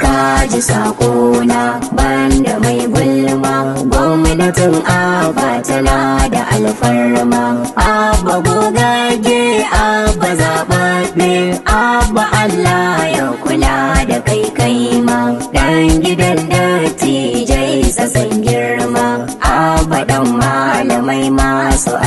kaji ji sakona banda mai gulma gwamnatin aba tana da alfarma abba gogage abba zaɓaɓɓe aba allah ya kula da kai kai ma dan gidan da dattijai sasan girma abba dan malamai masu